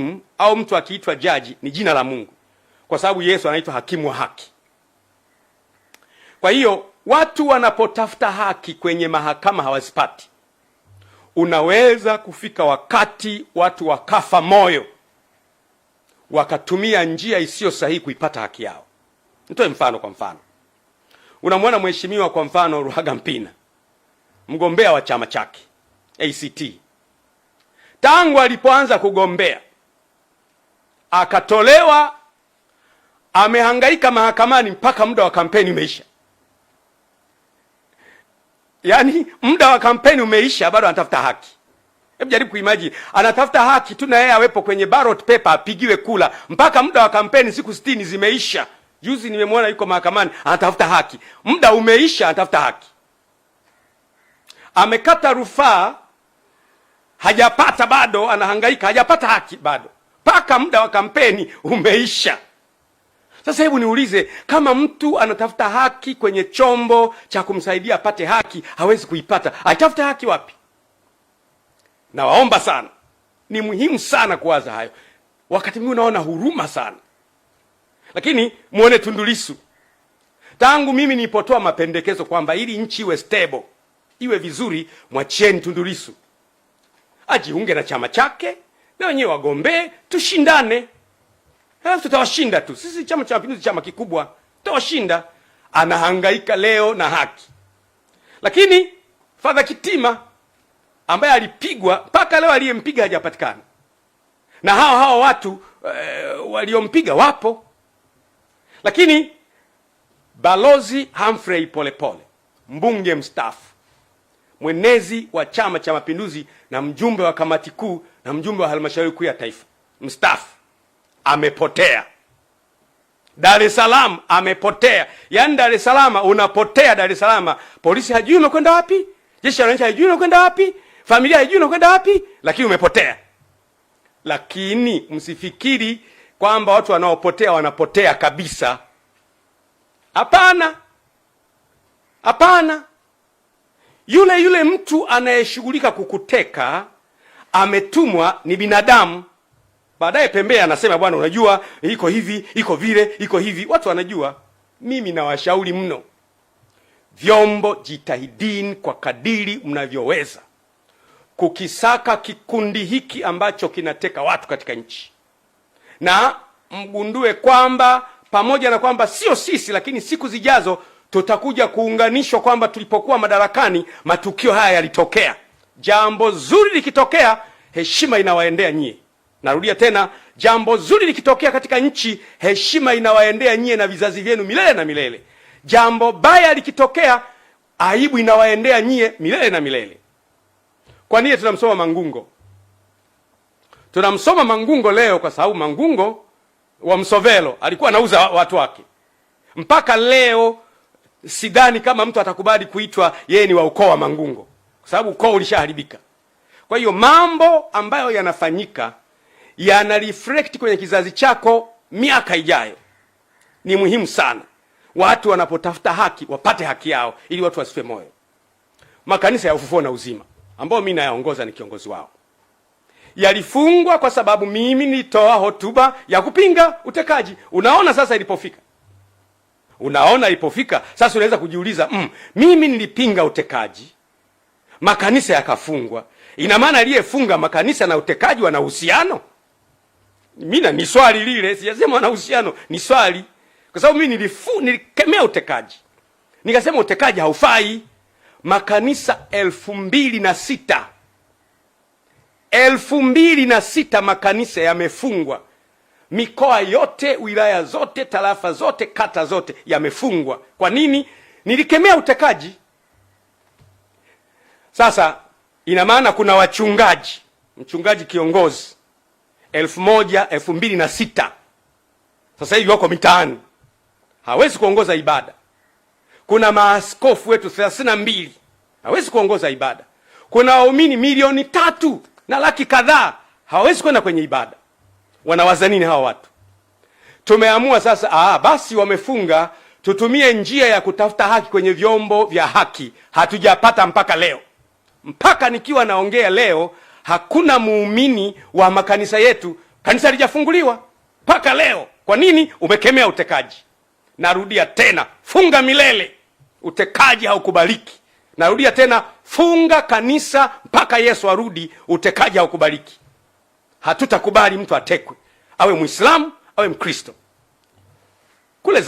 hakimu au mtu akiitwa jaji ni jina la Mungu, kwa sababu Yesu anaitwa hakimu wa haki. Kwa hiyo watu wanapotafuta haki kwenye mahakama hawazipati. Unaweza kufika wakati watu wakafa moyo, wakatumia njia isiyo sahihi kuipata haki yao. Nitoe mfano. Kwa mfano, unamwona mheshimiwa, kwa mfano Ruhaga Mpina, mgombea wa chama chake ACT, tangu alipoanza kugombea akatolewa, amehangaika mahakamani mpaka muda wa kampeni umeisha. Yaani muda wa kampeni umeisha, bado anatafuta haki. Hebu jaribu kuimagine, anatafuta haki tu na yeye awepo kwenye ballot paper apigiwe kula mpaka muda wa kampeni, siku sitini zimeisha. Juzi nimemwona yuko mahakamani anatafuta haki, muda umeisha, anatafuta haki. Amekata rufaa, hajapata bado, anahangaika, hajapata haki bado mpaka muda wa kampeni umeisha. Sasa hebu niulize, kama mtu anatafuta haki kwenye chombo cha kumsaidia apate haki, hawezi kuipata, aitafuta haki wapi? Nawaomba sana, ni muhimu sana kuwaza hayo. Wakati mwingine unaona huruma sana, lakini muone Tundu Lissu. Tangu mimi nipotoa mapendekezo kwamba ili nchi iwe stable, iwe vizuri, mwachieni Tundu Lissu ajiunge na chama chake na wenyewe wagombee, tushindane, halafu tutawashinda tu. Sisi Chama cha Mapinduzi chama kikubwa, tutawashinda. Anahangaika leo na haki, lakini Fadha Kitima ambaye alipigwa mpaka leo aliyempiga hajapatikana, na hao hao watu e, waliompiga wapo, lakini Balozi Humphrey Polepole, mbunge mstaafu, mwenezi wa Chama cha Mapinduzi na mjumbe wa kamati kuu na mjumbe wa halmashauri kuu ya taifa mstaafu amepotea. Dar es Salaam amepotea. Yaani Dar es Salaam unapotea Dar es Salaam. Polisi hajui unakwenda wapi? Jeshi la wananchi hajui unakwenda wapi? Familia haijui unakwenda wapi? Lakini umepotea. Lakini msifikiri kwamba watu wanaopotea wanapotea kabisa. Hapana. Hapana. Yule yule mtu anayeshughulika kukuteka ametumwa ni binadamu. Baadaye pembea anasema bwana, unajua iko hivi, iko vile, iko hivi. Watu wanajua. Mimi nawashauri mno vyombo, jitahidini kwa kadiri mnavyoweza kukisaka kikundi hiki ambacho kinateka watu katika nchi, na mgundue kwamba pamoja na kwamba sio sisi, lakini siku zijazo tutakuja kuunganishwa kwamba tulipokuwa madarakani matukio haya yalitokea. Jambo zuri likitokea, heshima inawaendea nyie. Narudia tena, jambo zuri likitokea katika nchi, heshima inawaendea nyie na vizazi vyenu milele na milele. Jambo baya likitokea, aibu inawaendea nyie milele na milele. Kwa nini tunamsoma Mangungo? Tunamsoma Mangungo leo kwa sababu Mangungo wa Msovelo alikuwa anauza watu wake. Mpaka leo sidhani kama mtu atakubali kuitwa yeye ni wa ukoo wa Mangungo kwa sababu ukoo ulishaharibika. Kwa hiyo mambo ambayo yanafanyika yana reflect kwenye kizazi chako miaka ijayo. Ni muhimu sana watu wanapotafuta haki wapate haki yao, ili watu wasife moyo. Makanisa ya Ufufuo na Uzima ambayo mimi nayaongoza ni kiongozi wao, yalifungwa kwa sababu mimi nilitoa hotuba ya kupinga utekaji. Unaona sasa ilipofika, unaona ilipofika sasa, unaweza kujiuliza mm, mimi nilipinga utekaji makanisa yakafungwa. Ina maana aliyefunga makanisa na utekaji wana uhusiano? Mimi ni swali lile, sijasema wana uhusiano, ni swali. Kwa sababu mimi nilifu nilikemea utekaji. Nikasema utekaji haufai. Makanisa elfu mbili na sita elfu mbili na sita makanisa yamefungwa mikoa yote, wilaya zote, tarafa zote, kata zote yamefungwa. Kwa nini? Nilikemea utekaji. Sasa ina maana kuna wachungaji, mchungaji kiongozi elfu moja elfu mbili na sita sasa hivi wako mitaani, hawezi kuongoza ibada. Kuna maaskofu wetu thelathini na mbili hawezi kuongoza ibada. Kuna waumini milioni tatu na laki kadhaa hawawezi kwenda kwenye ibada. Wanawaza nini hawa watu? Tumeamua sasa, aa, ah, basi wamefunga, tutumie njia ya kutafuta haki kwenye vyombo vya haki. Hatujapata mpaka leo mpaka nikiwa naongea leo, hakuna muumini wa makanisa yetu, kanisa lijafunguliwa mpaka leo. Kwa nini? Umekemea utekaji. Narudia tena, funga milele, utekaji haukubaliki. Narudia tena, funga kanisa mpaka Yesu arudi, utekaji haukubaliki. Hatutakubali mtu atekwe, awe Mwislamu awe Mkristo kule